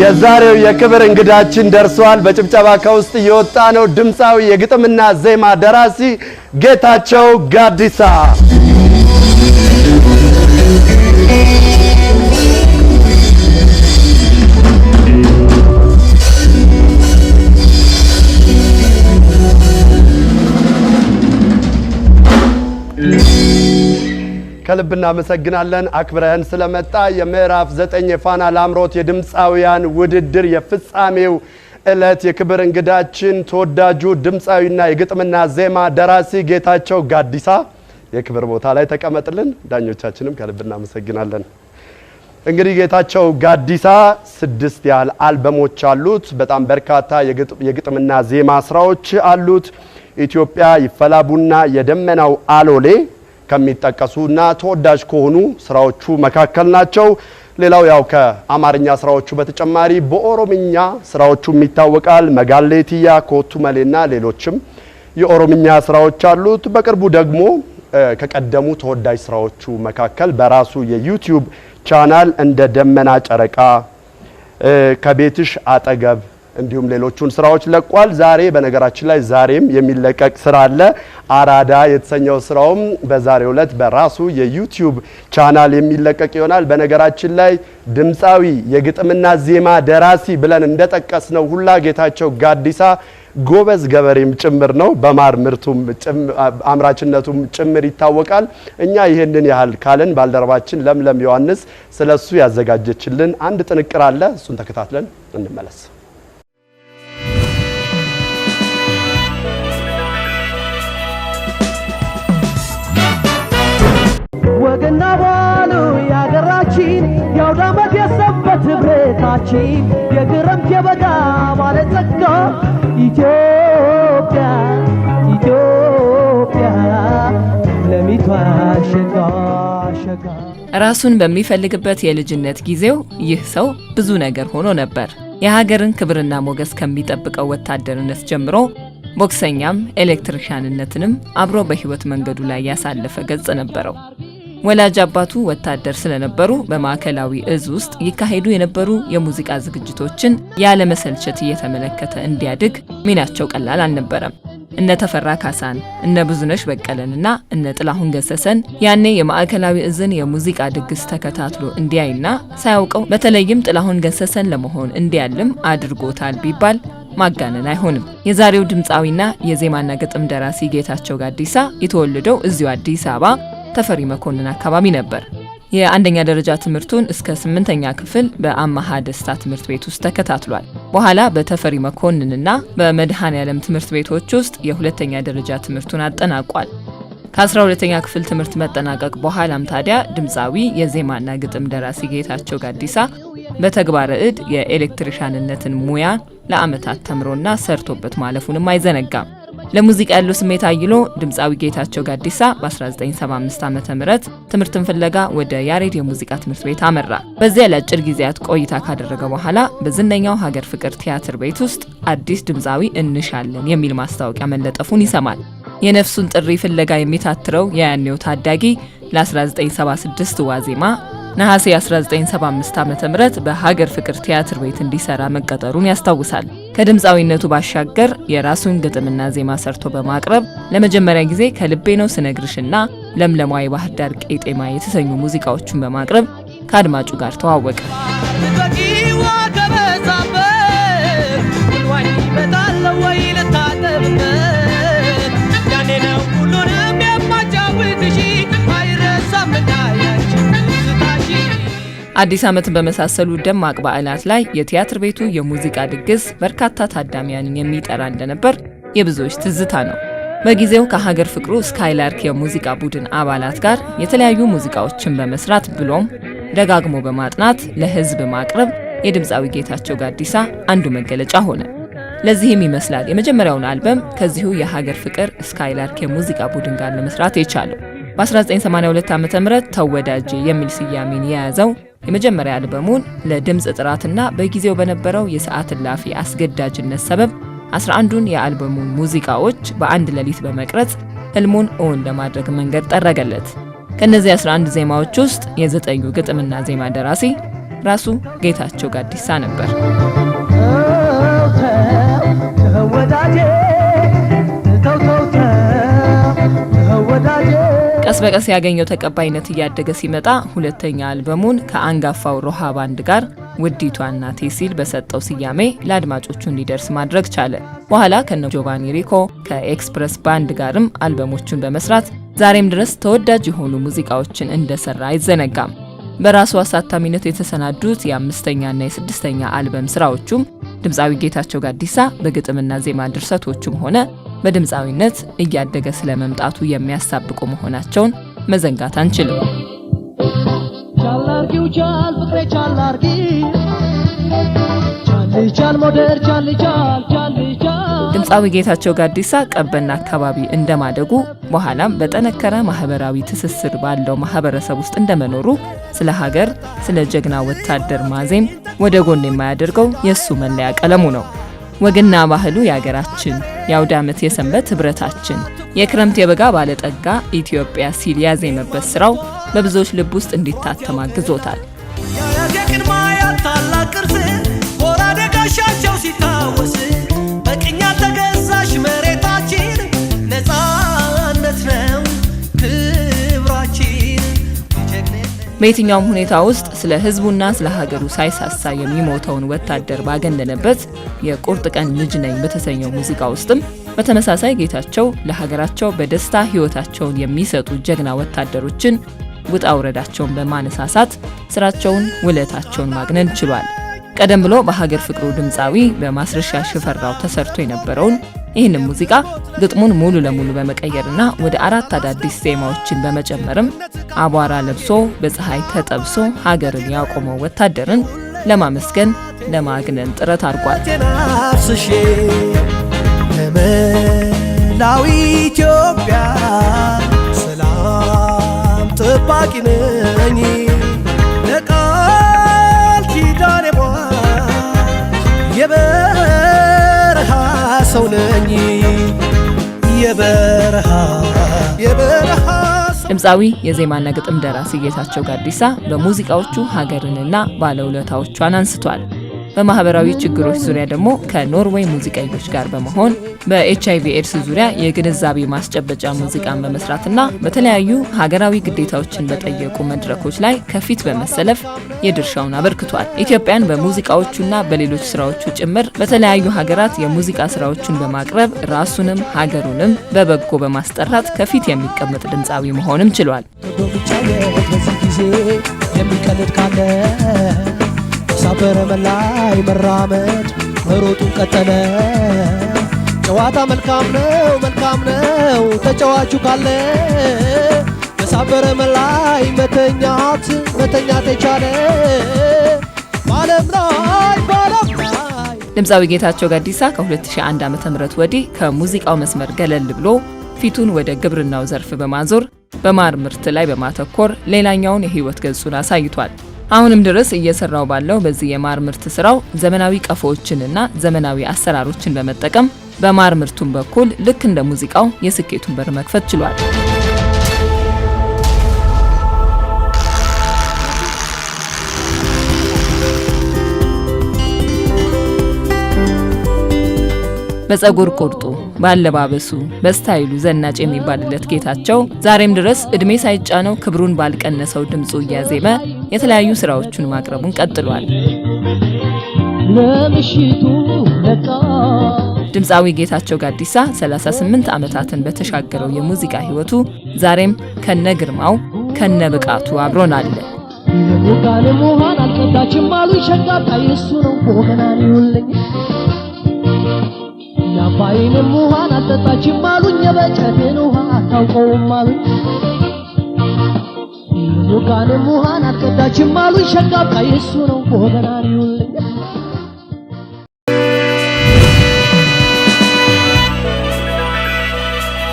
የዛሬው የክብር እንግዳችን ደርሷል። በጭብጨባ ከውስጥ እየወጣ ነው። ድምፃዊ የግጥምና ዜማ ደራሲ ጌታቸው ጋዲሳ ከልብ እናመሰግናለን። አክብረህን ስለመጣ የምዕራፍ ዘጠኝ የፋና ላምሮት የድምፃውያን ውድድር የፍጻሜው ዕለት የክብር እንግዳችን ተወዳጁ ድምፃዊና የግጥምና ዜማ ደራሲ ጌታቸው ጋዲሳ የክብር ቦታ ላይ ተቀመጥልን። ዳኞቻችንም ከልብ እናመሰግናለን። እንግዲህ ጌታቸው ጋዲሳ ስድስት ያህል አልበሞች አሉት። በጣም በርካታ የግጥምና ዜማ ስራዎች አሉት። ኢትዮጵያ ይፈላ ቡና፣ የደመናው አሎሌ ከሚጠቀሱና ተወዳጅ ከሆኑ ስራዎቹ መካከል ናቸው። ሌላው ያው ከአማርኛ ስራዎቹ በተጨማሪ በኦሮምኛ ስራዎቹም ይታወቃል። መጋሌቲያ፣ ኮቱመሌና ሌሎችም የኦሮምኛ ስራዎች አሉት። በቅርቡ ደግሞ ከቀደሙ ተወዳጅ ስራዎቹ መካከል በራሱ የዩቲዩብ ቻናል እንደ ደመና ጨረቃ፣ ከቤትሽ አጠገብ እንዲሁም ሌሎቹን ስራዎች ለቋል። ዛሬ በነገራችን ላይ ዛሬም የሚለቀቅ ስራ አለ። አራዳ የተሰኘው ስራውም በዛሬው ዕለት በራሱ የዩቲዩብ ቻናል የሚለቀቅ ይሆናል። በነገራችን ላይ ድምፃዊ የግጥምና ዜማ ደራሲ ብለን እንደጠቀስ ነው ሁላ ጌታቸው ጋዲሳ ጎበዝ ገበሬም ጭምር ነው። በማር ምርቱም አምራችነቱም ጭምር ይታወቃል። እኛ ይህንን ያህል ካልን ባልደረባችን ለምለም ዮሐንስ ስለሱ ያዘጋጀችልን አንድ ጥንቅር አለ። እሱን ተከታትለን እንመለስ። የዓመት የሰንበት ኅብረታችን የክረምት የበጋ ባለጸጋ ኢትዮጵያ ኢትዮጵያ ለሚቷ ሸጋ ሸጋ ራሱን በሚፈልግበት የልጅነት ጊዜው ይህ ሰው ብዙ ነገር ሆኖ ነበር። የሀገርን ክብርና ሞገስ ከሚጠብቀው ወታደርነት ጀምሮ ቦክሰኛም ኤሌክትሪሻንነትንም አብሮ በሕይወት መንገዱ ላይ ያሳለፈ ገጽ ነበረው። ወላጅ አባቱ ወታደር ስለነበሩ በማዕከላዊ እዝ ውስጥ ይካሄዱ የነበሩ የሙዚቃ ዝግጅቶችን ያለመሰልቸት እየተመለከተ እንዲያድግ ሚናቸው ቀላል አልነበረም። እነ ተፈራ ካሳን እነ ብዙነሽ በቀለንና እነ ጥላሁን ገሰሰን ያኔ የማዕከላዊ እዝን የሙዚቃ ድግስ ተከታትሎ እንዲያይና ሳያውቀው በተለይም ጥላሁን ገሰሰን ለመሆን እንዲያልም አድርጎታል ቢባል ማጋነን አይሆንም። የዛሬው ድምፃዊና የዜማና ግጥም ደራሲ ጌታቸው ጋዲሳ የተወለደው እዚሁ አዲስ አበባ ተፈሪ መኮንን አካባቢ ነበር። የአንደኛ ደረጃ ትምህርቱን እስከ ስምንተኛ ክፍል በአማሃ ደስታ ትምህርት ቤት ውስጥ ተከታትሏል። በኋላ በተፈሪ መኮንንና በመድኃኔ ዓለም ትምህርት ቤቶች ውስጥ የሁለተኛ ደረጃ ትምህርቱን አጠናቋል። ከ12ተኛ ክፍል ትምህርት መጠናቀቅ በኋላም ታዲያ ድምፃዊ የዜማና ግጥም ደራሲ ጌታቸው ጋዲሳ በተግባረ እድ የኤሌክትሪሻንነትን ሙያ ለአመታት ተምሮና ሰርቶበት ማለፉንም አይዘነጋም። ለሙዚቃ ያለው ስሜት አይሎ ድምፃዊ ጌታቸው ጋዲሳ በ1975 ዓ ም ትምህርትን ፍለጋ ወደ ያሬድ የሙዚቃ ትምህርት ቤት አመራ። በዚያ ለአጭር ጊዜያት ቆይታ ካደረገ በኋላ በዝነኛው ሀገር ፍቅር ቲያትር ቤት ውስጥ አዲስ ድምፃዊ እንሻለን የሚል ማስታወቂያ መለጠፉን ይሰማል። የነፍሱን ጥሪ ፍለጋ የሚታትረው የያኔው ታዳጊ ለ1976 ዋዜማ ነሐሴ 1975 ዓ ም በሀገር ፍቅር ቲያትር ቤት እንዲሰራ መቀጠሩን ያስታውሳል። ከድምፃዊነቱ ባሻገር የራሱን ግጥምና ዜማ ሰርቶ በማቅረብ ለመጀመሪያ ጊዜ ከልቤ ነው ስነግርሽና ለምለሟ የባህር ዳር ቄጤማ የተሰኙ ሙዚቃዎቹን በማቅረብ ከአድማጩ ጋር ተዋወቀ። ያኔ ነው ሁሉንም የማጫውትሽ አዲስ ዓመት በመሳሰሉ ደማቅ በዓላት ላይ የቲያትር ቤቱ የሙዚቃ ድግስ በርካታ ታዳሚያንን የሚጠራ እንደነበር የብዙዎች ትዝታ ነው። በጊዜው ከሀገር ፍቅሩ ስካይላርክ የሙዚቃ ቡድን አባላት ጋር የተለያዩ ሙዚቃዎችን በመስራት ብሎም ደጋግሞ በማጥናት ለሕዝብ ማቅረብ የድምፃዊ ጌታቸው ጋዲሳ አንዱ መገለጫ ሆነ። ለዚህም ይመስላል የመጀመሪያውን አልበም ከዚሁ የሀገር ፍቅር ስካይላርክ የሙዚቃ ቡድን ጋር ለመስራት የቻለው። በ1982 ዓ ም ተወዳጅ የሚል ስያሜን የያዘው የመጀመሪያ አልበሙን ለድምፅ ጥራትና በጊዜው በነበረው የሰዓት እላፊ አስገዳጅነት ሰበብ 11ዱን የአልበሙን ሙዚቃዎች በአንድ ሌሊት በመቅረጽ ህልሙን እውን ለማድረግ መንገድ ጠረገለት። ከእነዚህ 11 ዜማዎች ውስጥ የዘጠኙ ግጥምና ዜማ ደራሲ ራሱ ጌታቸው ጋዲሳ ነበር። ቀስ በቀስ ያገኘው ተቀባይነት እያደገ ሲመጣ ሁለተኛ አልበሙን ከአንጋፋው ሮሃ ባንድ ጋር ውዲቷ እናቴ ሲል በሰጠው ስያሜ ለአድማጮቹ እንዲደርስ ማድረግ ቻለ። በኋላ ከነ ጆቫኒ ሪኮ ከኤክስፕረስ ባንድ ጋርም አልበሞቹን በመስራት ዛሬም ድረስ ተወዳጅ የሆኑ ሙዚቃዎችን እንደሰራ አይዘነጋም። በራሱ አሳታሚነት የተሰናዱት የአምስተኛና የስድስተኛ አልበም ስራዎቹም ድምፃዊ ጌታቸው ጋዲሳ በግጥምና ዜማ ድርሰቶቹም ሆነ በድምፃዊነት እያደገ ስለመምጣቱ የሚያሳብቁ መሆናቸውን መዘንጋት አንችልም። ድምፃዊ ጌታቸው ጋዲሳ ቀበና አካባቢ እንደማደጉ በኋላም በጠነከረ ማህበራዊ ትስስር ባለው ማህበረሰብ ውስጥ እንደመኖሩ ስለ ሀገር፣ ስለ ጀግና ወታደር ማዜም ወደ ጎን የማያደርገው የእሱ መለያ ቀለሙ ነው። ወግና ባህሉ የሀገራችን የአውደ ዓመት የሰንበት ኅብረታችን የክረምት የበጋ ባለጠጋ ኢትዮጵያ ሲል ያዜመበት ሥራው በብዙዎች ልብ ውስጥ እንዲታተም አግዞታል። በየትኛውም ሁኔታ ውስጥ ስለ ህዝቡና ስለ ሀገሩ ሳይሳሳ የሚሞተውን ወታደር ባገነነበት የቁርጥ ቀን ልጅ ነኝ በተሰኘው ሙዚቃ ውስጥም በተመሳሳይ ጌታቸው ለሀገራቸው በደስታ ህይወታቸውን የሚሰጡ ጀግና ወታደሮችን ውጣ ውረዳቸውን በማነሳሳት ስራቸውን፣ ውለታቸውን ማግነን ችሏል። ቀደም ብሎ በሀገር ፍቅሩ ድምፃዊ በማስረሻ ሽፈራው ተሰርቶ የነበረውን ይህንን ሙዚቃ ግጥሙን ሙሉ ለሙሉ በመቀየርና ወደ አራት አዳዲስ ዜማዎችን በመጨመርም አቧራ ለብሶ በፀሐይ ተጠብሶ ሀገርን ያቆመው ወታደርን ለማመስገን ለማግነን ጥረት አድርጓል። መላው ኢትዮጵያ ሰላም ጠባቂ ነኝ ድምፃዊ የዜማና ግጥም ደራሲ ጌታቸው ጋዲሳ በሙዚቃዎቹ ሀገርንና ባለውለታዎቿን አንስቷል። በማህበራዊ ችግሮች ዙሪያ ደግሞ ከኖርዌይ ሙዚቀኞች ጋር በመሆን በኤች አይቪ ኤድስ ዙሪያ የግንዛቤ ማስጨበጫ ሙዚቃን በመስራትና በተለያዩ ሀገራዊ ግዴታዎችን በጠየቁ መድረኮች ላይ ከፊት በመሰለፍ የድርሻውን አበርክቷል። ኢትዮጵያን በሙዚቃዎቹና በሌሎች ስራዎቹ ጭምር በተለያዩ ሀገራት የሙዚቃ ስራዎቹን በማቅረብ ራሱንም ሀገሩንም በበጎ በማስጠራት ከፊት የሚቀመጥ ድምፃዊ መሆንም ችሏል። በረመ ላይ መራመድ መሮጡን ቀጠለ። ጨዋታ መልካም ነው መልካም ነው ተጫዋቹ ካለ በሳር ላይ መተኛት መተኛት የቻለ ባለም ላይ ባለም ላይ ድምፃዊ ጌታቸው ጋዲሳ ከ2001 ዓ.ም ወዲህ ከሙዚቃው መስመር ገለል ብሎ ፊቱን ወደ ግብርናው ዘርፍ በማዞር በማር ምርት ላይ በማተኮር ሌላኛውን የህይወት ገጹን አሳይቷል። አሁንም ድረስ እየሰራው ባለው በዚህ የማር ምርት ስራው ዘመናዊ ቀፎዎችንና ዘመናዊ አሰራሮችን በመጠቀም በማር ምርቱም በኩል ልክ እንደ ሙዚቃው የስኬቱን በር መክፈት ችሏል። በጸጉር ቁርጡ፣ ባለባበሱ፣ በስታይሉ ዘናጭ የሚባልለት ጌታቸው ዛሬም ድረስ እድሜ ሳይጫነው ክብሩን ባልቀነሰው ድምፁ እያዜመ የተለያዩ ስራዎቹን ማቅረቡን ቀጥሏል። ድምፃዊ ጌታቸው ጋዲሳ 38 ዓመታትን በተሻገረው የሙዚቃ ሕይወቱ ዛሬም ከነ ግርማው ከነ ብቃቱ አብሮን አለ። ቃል መሆን አልቀዳችም አሉ ይሸጋታ የሱ ነው ሆገናን ይሁልኝ የአባይንም ውሃን አልጠጣችም አሉኝ። የበጨትን ውሃ አታውቀውም አሉኝ። የሙጋንም ውሃን አልቀዳችም አሉኝ። ነው